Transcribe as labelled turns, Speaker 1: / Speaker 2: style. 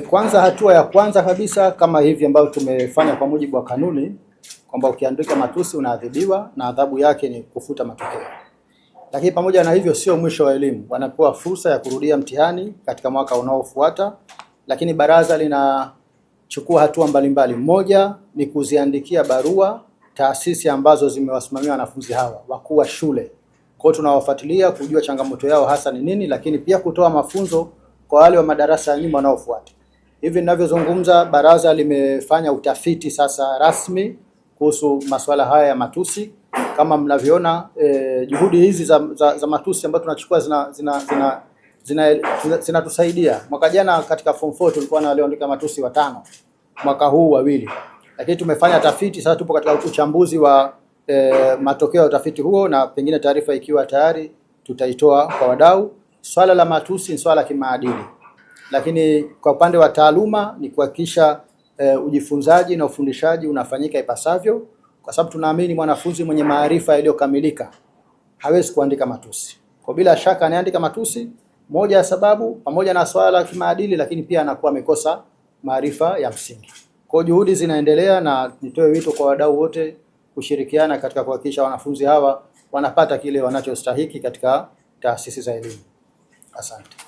Speaker 1: Kwanza, hatua ya kwanza kabisa kama hivi ambavyo tumefanya kwa mujibu wa kanuni kwamba ukiandika matusi unaadhibiwa na adhabu yake ni kufuta matokeo. Lakini pamoja na hivyo, sio mwisho wa elimu, wanapewa fursa ya kurudia mtihani katika mwaka unaofuata. Lakini baraza linachukua hatua mbalimbali. Moja ni kuziandikia barua taasisi ambazo zimewasimamia wanafunzi hawa, wakuu wa shule. Kwa hiyo tunawafuatilia kujua changamoto yao hasa ni nini, lakini pia kutoa mafunzo kwa wale wa madarasa ya nyuma wanaofuata. Hivi ninavyozungumza, baraza limefanya utafiti sasa rasmi kuhusu masuala haya ya matusi. Kama mnavyoona e, juhudi hizi za, za, za matusi ambazo tunachukua zinatusaidia zina, zina, zina, zina. Mwaka jana katika form 4 tulikuwa na walioandika matusi watano, mwaka huu wawili, lakini tumefanya tafiti sasa, tupo katika uchambuzi wa e, matokeo ya utafiti huo, na pengine taarifa ikiwa tayari tutaitoa kwa wadau. Swala la matusi ni swala kimaadili. Lakini kwa upande wa taaluma ni kuhakikisha e, ujifunzaji na ufundishaji unafanyika ipasavyo, kwa sababu tunaamini mwanafunzi mwenye maarifa yaliyokamilika hawezi kuandika matusi. Kwa bila shaka anaandika matusi, moja ya sababu pamoja na swala la kimaadili, lakini pia anakuwa amekosa maarifa ya msingi. Kwa juhudi zinaendelea, na nitoe wito kwa wadau wote kushirikiana katika kuhakikisha wanafunzi hawa wanapata kile wanachostahiki katika taasisi za elimu. Asante.